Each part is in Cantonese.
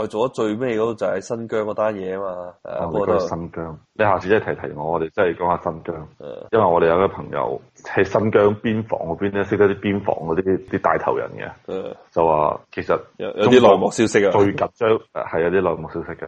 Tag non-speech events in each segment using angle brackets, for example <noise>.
我做咗最尾嗰度就喺新疆嗰單嘢啊嘛，我覺得、啊、子新疆，你下次即係提提我，我哋即係講下新疆，的因為我哋有個朋友喺新疆邊防嗰邊咧，識得啲邊防嗰啲啲大頭人嘅，的就話其實有啲內幕消息啊，最緊張係有啲內幕消息嘅。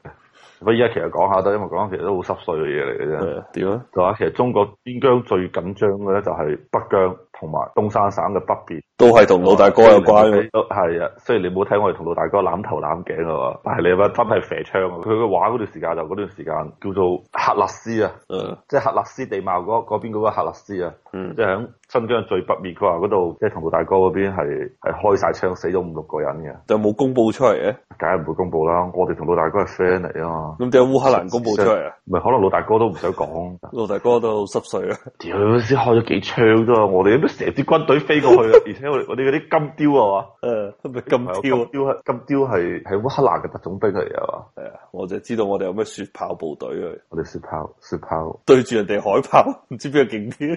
唔好依家其實講下都，因為講緊其實都好濕碎嘅嘢嚟嘅啫。點咧的？樣就話其實中國邊疆最緊張嘅咧，就係北疆同埋東三省嘅北邊，都係同老大哥有關嘅。係啊，雖然你冇睇我哋同老大哥攬頭攬頸啊喎，但係你乜真係射槍啊？佢嘅話嗰段時間就嗰段時間叫做喀納斯啊，嗯、即係喀納斯地貌嗰嗰邊嗰個喀納斯啊，即係喺新疆最北面。佢話嗰度即係同老大哥嗰邊係係開晒槍，死咗五六個人嘅。就冇公布出嚟嘅，梗係唔會公布啦。我哋同老大哥係 friend 嚟咯。咁點有烏克蘭公布出嚟啊？唔係，可能老大哥都唔想講。 <laughs> 老大哥都濕碎 <laughs> 啊！屌，先開咗幾槍啫，啊，我哋都成支軍隊飛過去啊？ <laughs> 而且我哋我哋嗰啲金雕啊嘛，誒，係咪金雕，金雕係金雕係係烏克蘭嘅特種兵嚟啊！誒，我就知道我哋有咩雪豹部隊啊！我哋雪豹，雪豹對住人哋海豹，唔知邊個勁啲？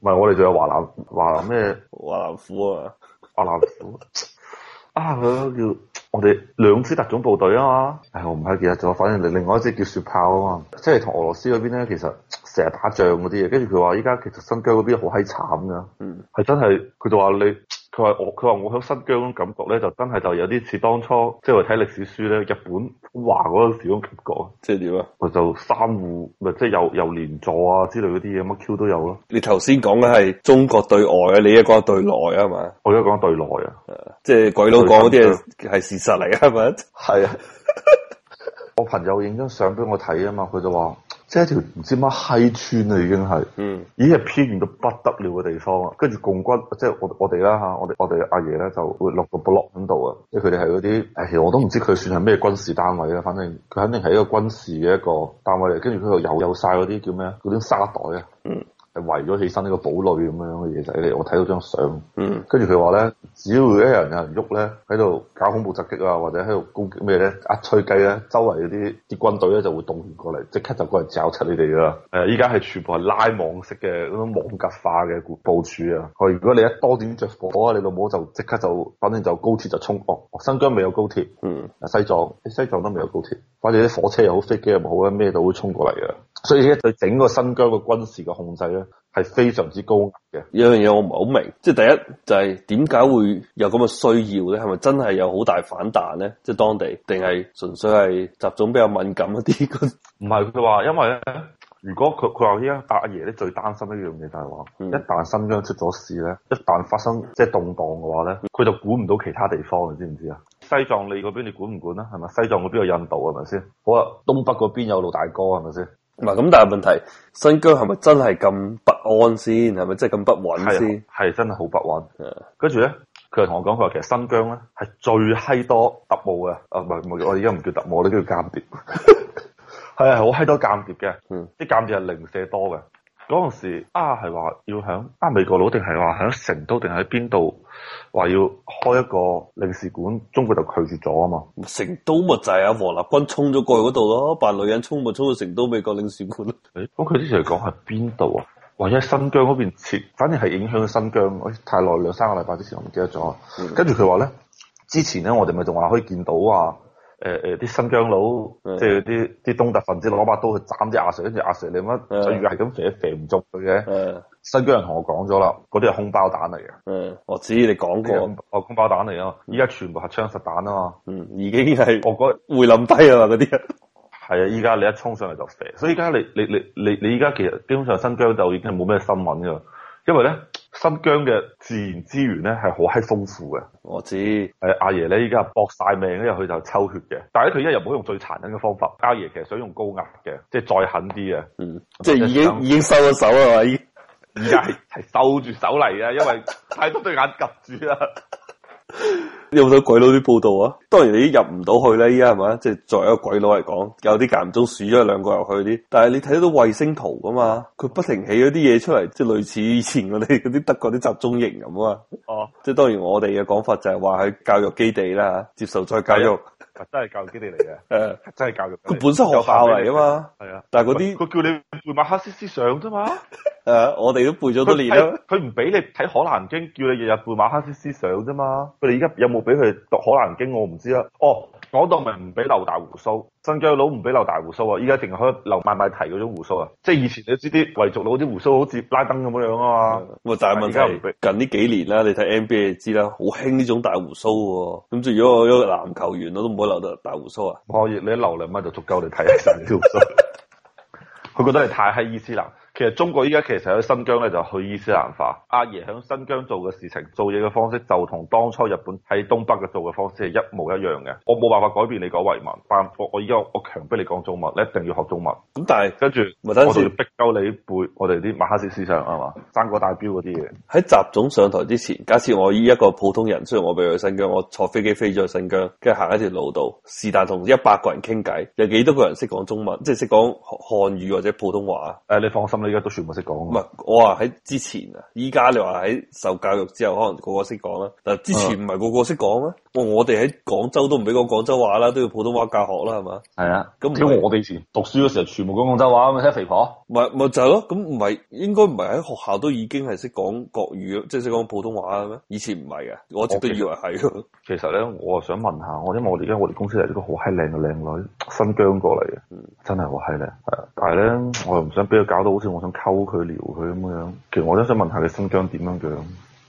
唔 <laughs> 係，我哋仲有華南華南咩？華南虎啊，華南虎，啊。啊！佢叫我哋兩支特種部隊啊嘛，唉、哎，我唔記得咗。反正你另外一支叫雪豹啊嘛，即係同俄羅斯嗰邊咧，其實成日打仗嗰啲嘢，跟住佢話依家其實新疆嗰邊好閪慘㗎，嗯，係真係佢就話你。佢話我佢話我響新疆感覺咧,就真係就有啲似當初，即係我睇歷史書咧,日本話嗰陣時咁感覺，即係點啊？就三戶，咪即係又又連坐啊之類嗰啲嘢，乜 Q 都有咯。你頭先講嘅係中國對外對對啊，你而家講對內啊係咪？我而家講對內啊，即係鬼佬講啲嘢係事實嚟噶，係咪？係啊，我朋友影張相俾我睇啊嘛，佢就話。即係一條唔知乜閪村啊，已經係，嗯、已經係偏遠到不得了嘅地方啊。跟住共軍，即係我我哋啦嚇，我哋我哋阿爺咧就會落個 blog 喺度啊。即係佢哋係嗰啲，誒、欸、其實我都唔知佢算係咩軍事單位啦。反正佢肯定係一個軍事嘅一個單位嚟。跟住佢度有有，有曬嗰啲叫咩啊？嗰啲沙袋啊。嗯係圍咗起身呢個堡壘咁樣嘅嘢仔，嚟，我睇到張相，跟住佢話咧，只要一個人啊有人喐咧，喺度搞恐怖襲擊啊，或者喺度攻擊咩咧，一、啊、吹雞咧，周圍啲啲軍隊咧就會動員過嚟，即刻就過嚟抓出你哋㗎喇。誒、呃，依家係全部係拉網式嘅嗰種網格化嘅部署啊！哦，如果你一多點着火啊，你老母就即刻就，反正就高鐵就衝殼、哦。新疆未有高鐵，嗯西，西藏西藏都未有高鐵，反正啲火車又好，飛機又好啊，咩都會衝過嚟㗎。所以咧對整個新疆嘅軍事嘅控制咧，係非常之高嘅。呢樣嘢我唔係好明，即係第一就係點解會有咁嘅需要咧？係咪真係有好大反彈咧？即係當地定係純粹係集種比較敏感一啲？唔係佢話，因為咧，如果佢佢話依家阿阿爺咧最擔心一樣嘢就係話，一旦新疆出咗事咧，一旦發生即係動盪嘅話咧，佢就管唔到其他地方，你知唔知啊？西藏你嗰邊你管唔管呀？係咪？西藏嗰邊有印度係咪先？我話東北嗰邊有老大哥係咪先？唔係咁，但係問題，新疆係咪真係咁不安先？係咪真係咁不穩先？係真係好不穩嘅。Yeah. 呢跟住咧，佢就同我講，佢話其實新疆咧係最閪多特務嘅。啊，唔係唔係，我而家唔叫特務，我都叫間諜。係 <laughs> 啊， <laughs> 好閪多間諜嘅。嗯，啲間諜係零舍多嘅。嗰陣時啊，係話要響啊美國佬定係話響成都定喺邊度？話要開一個領事館，中國就拒絕咗啊嘛！成都咪就係阿王立軍衝咗過去嗰度咯，扮女人衝咪衝去成都美國領事館。誒、哎，咁佢之前係講係邊度啊？或者喺新疆嗰邊設，反正係影響新疆。誒，太耐兩三個禮拜之前我唔記得咗。跟住佢話咧，之前咧我哋咪仲話可以見到啊。誒誒，啲新疆佬，即係啲啲東突分子攞把刀去斬啲阿 Sir，跟住阿 Sir 你乜，例如係咁射，射唔中佢嘅，新疆人同我講咗啦，嗰啲係空包彈嚟嘅。嗯，我知你講過，我空包彈嚟啊，依家全部係槍實彈啊嘛。嗯，已經係我覺會冧低啊嘛，嗰啲係啊，依家、嗯、你一衝上嚟就射。所以依家你你你你你依家其實基本上新疆就已經係冇咩新聞噶啦。因為咧新疆嘅自然資源咧係好閪豐富嘅，我知。誒、啊，阿爺咧依家搏晒命，因為佢就抽血嘅，但係佢一日唔好用最殘忍嘅方法。阿爺其實想用高壓嘅，即係再狠啲啊！嗯，即係已經已經收咗手啦，係咪？而家係係收住手嚟嘅，因為太多對眼夾住啦。 <laughs> <laughs> 有冇睇鬼佬啲報道啊？當然你入唔到去啦，依家係咪？即係作為一個鬼佬嚟講，有啲間唔中鼠咗兩個入去啲，但係你睇到衛星圖噶嘛？佢不停起咗啲嘢出嚟，即係類似以前我哋嗰啲德國啲集中營咁啊。哦，即係當然我哋嘅講法就係話喺教育基地啦、啊，接受再教育。嗯真係教育基地嚟嘅，誒，真係教育基地。佢本身學校嚟㗎嘛，係啊。但係嗰啲，佢叫你背馬克思思想啫嘛。誒、 <laughs> 啊，我哋都背咗多年啦。佢唔俾你睇《可蘭經》，叫你日日背馬克思思想啫嘛。佢哋而家有冇俾佢讀《可蘭經》我？我唔知啦。哦。我當咪唔俾留大胡鬚，新疆佬唔俾留大胡鬚啊！依家淨係可以留麥麥提嗰種胡鬚啊，即係以前你知啲維族佬啲胡鬚好似拉登咁樣樣啊！咁啊、呃，但係問題係近呢幾年啦，你睇 NBA 知啦，好興呢種大胡鬚喎。咁如果我一個籃球員，我都唔可以留得大胡鬚啊？可以你留兩米就足夠你睇起身條鬚，佢覺得你太嘿意思啦。其實中國依家其實喺新疆咧就去伊斯蘭化，阿爺響新疆做嘅事情、做嘢嘅方式就同當初日本喺東北嘅做嘅方式係一模一樣嘅。我冇辦法改變你講維文，但我我依家我強迫你講中文，你一定要學中文。咁、嗯、但係跟住咪等住逼鳩你背我哋啲馬克思思想吖嘛？三個代表嗰啲嘢。喺習總上台之前，假設我以一個普通人，雖然我未去新疆，我坐飛機飛咗去新疆，跟住行一條路度，是但同一百個人傾偈，有幾多個人識講中文，即係識講漢語或者普通話？誒、呃，你放心。依家都全部識講。唔係，我話喺之前啊，依家你話喺受教育之後，可能個個識講啦。但係之前唔係個個識講咩？我哋喺廣州都唔俾講廣州話啦，都要普通話教學啦，係嘛？係啊的。咁我哋以前讀書嘅時候，全部講廣州話啊嘛，睇肥婆。唔係，唔係就係，是，咯。咁唔係，應該唔係喺學校都已經係識講國語，即係識講普通話啊？咩？以前唔係嘅，我一直我都以為係。其實咧，我啊想問下，我因為我哋而家我哋公司嚟一個好閪靚嘅靚女，新疆過嚟嘅，嗯、真係好閪靚。我又唔想俾佢搞到好似我想溝佢撩佢咁嘅樣，其實我都想問下你新疆點樣樣？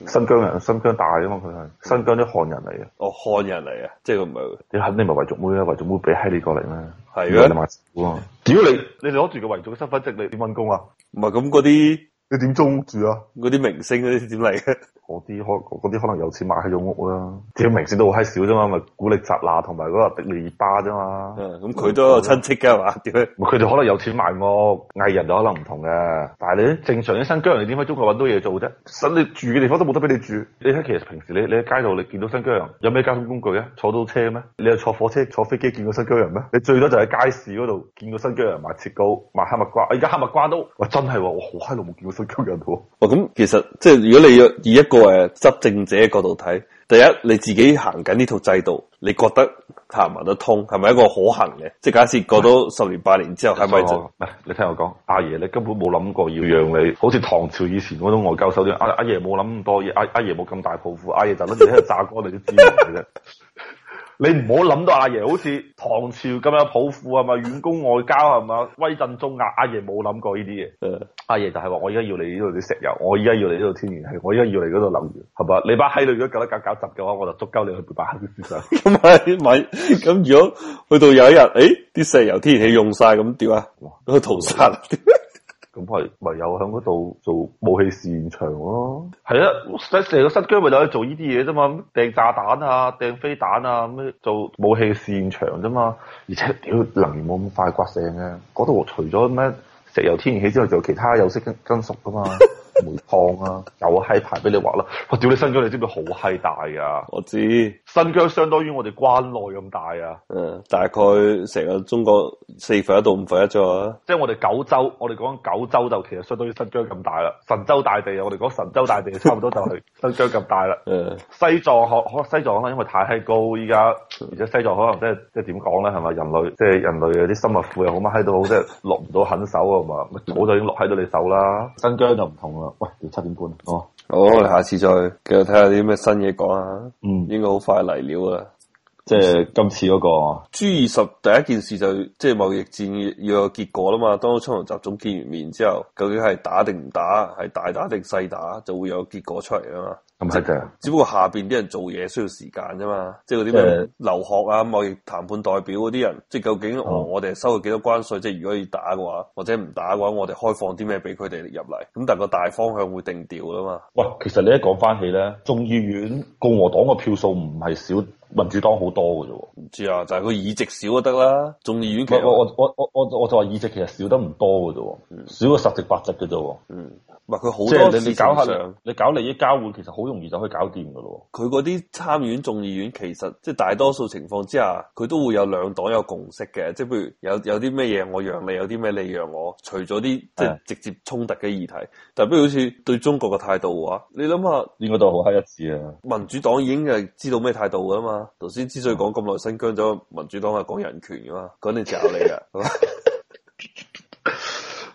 新疆人？新疆大啊嘛，佢係新疆啲漢人嚟嘅。哦，漢人嚟嘅？即係佢唔係。你肯定唔係維族妹啦，維族妹俾閪利過嚟咩？係啊。那那你哋咪少啊？只要你你攞住個維族嘅身份證，你點搵工啊？唔係咁嗰啲，你點中住啊？嗰啲明星嗰啲點嚟嘅？嗰啲可啲可能有錢買起咗屋啦、啊，啲明星都好閪少啫嘛，咪古力扎娜同埋嗰個迪麗巴啫嘛，咁佢、嗯、都有親戚嘅嘛，佢 <laughs> 哋可能有錢買屋，藝人就可能唔同嘅。但係你正常嘅新疆人，你點解中國揾到嘢做啫？新你住嘅地方都冇得俾你住。你睇其實平時你你喺街度，你見到新疆人，有咩交通工具咧？坐到車咩？你係坐火車坐飛機見過新疆人咩？你最多就喺街市嗰度見到新疆人賣切糕賣哈密瓜。而家哈密瓜都，真哦、我真係我好閪耐冇見到新疆人喎。咁、哦、其實即係如果你要以一個。執政者角度睇，第一你自己行緊呢套制度，你覺得行唔行得通，係咪一個可行嘅？即係假設過多十年八年之後，係咪？唔係，你聽我講，阿爺你根本冇諗過要讓你，好似唐朝以前嗰種外交手段。阿阿爺冇諗咁多嘢，阿阿爺冇咁大抱負，阿爺就諗住喺度炸鍋，你都知。你唔好諗到阿爺好似唐朝咁樣，抱負，係嘛？遠攻外交係嘛？威震中亞，阿爺冇諗過呢啲嘢。的阿爺就係話我而家要你呢度啲石油，我而家要你呢度天然氣，我而家要嚟嗰度能源，係嘛？你把喺度如果搞得搞搞雜嘅話，我就足夠你去拜黑先係唔咁，如果去到有一日，誒、哎，啲石油天然氣用晒咁點啊？都、嗰個、屠殺。 <laughs> <laughs> 咁係唯有喺嗰度做武器試驗場咯，係啊，成個新疆咪就喺做呢啲嘢啫嘛，掟炸彈啊，掟飛彈啊，咩做武器試驗場啫嘛，而且屌能源冇咁快刮成嘅，嗰度除咗咩石油天然氣之外，仲有其他有色金金屬噶嘛。 <laughs> 煤礦，啊，有個閪牌俾你畫啦。我屌你新疆，你知唔知好閪大噶、啊？我知新疆相當於我哋關內咁大啊。嗯，大概成個中國四分一到五分一咗啦、啊。即係我哋九州，我哋講九州就其實相當於新疆咁大啦。神州大地啊，我哋講神州大地差唔多就係新疆咁大啦。嗯， <laughs> 西藏可可西藏啦，因為太閪高，依家而且西藏可能即係即係點講咧，係、就、咪、是、人類即係、就是、人類嗰啲生物庫又好乜閪都好，即、就、係、是、落唔到狠手啊嘛，早就已經落喺到你手啦。 <laughs> 新疆就唔同啦。喂，要七點半啊！哦，好，我下次再，繼續睇下啲咩新嘢講啊！嗯，應該好快嚟料啊！即係今次嗰個 G 二十第一件事就即係貿易戰要有結果啦嘛！當倉皇集中見完面之後，究竟係打定唔打，係大打定細打，就會有結果出嚟啊嘛！咁唔係嘅，不只不過下邊啲人做嘢需要時間啫嘛，即係嗰啲咩留學啊、貿易談判代表嗰啲人，即係究竟、嗯哦、我哋收咗幾多關稅？即係如果要打嘅話，或者唔打嘅話，我哋開放啲咩俾佢哋入嚟？咁但係個大方向會定調啦嘛。喂，其實你一講翻起咧，眾議院共和黨嘅票數唔係少，民主黨好多嘅啫喎。唔知啊，就係、是、佢議席少都得啦。眾議院其實我我我我我我就話議席其實少得唔多嘅啫，少咗十席八席嘅啫喎。嗯。唔係佢好多，你搞下量，你搞利益交換，其實好容易就可以搞掂噶咯。佢嗰啲參院眾議院，其實即係大多數情況之下，佢都會有兩黨有共識嘅，即係譬如有有啲咩嘢我讓你，有啲咩你讓我，除咗啲即係直接衝突嘅議題，的但係比如好似對中國嘅態度嘅話啊，你諗下，呢個都好黑一致啊！民主黨已經係知道咩態度噶嘛？頭先之所以講咁耐新疆，咗，民主黨係講人權噶嘛？嗰，你就你噶。 <laughs> <laughs>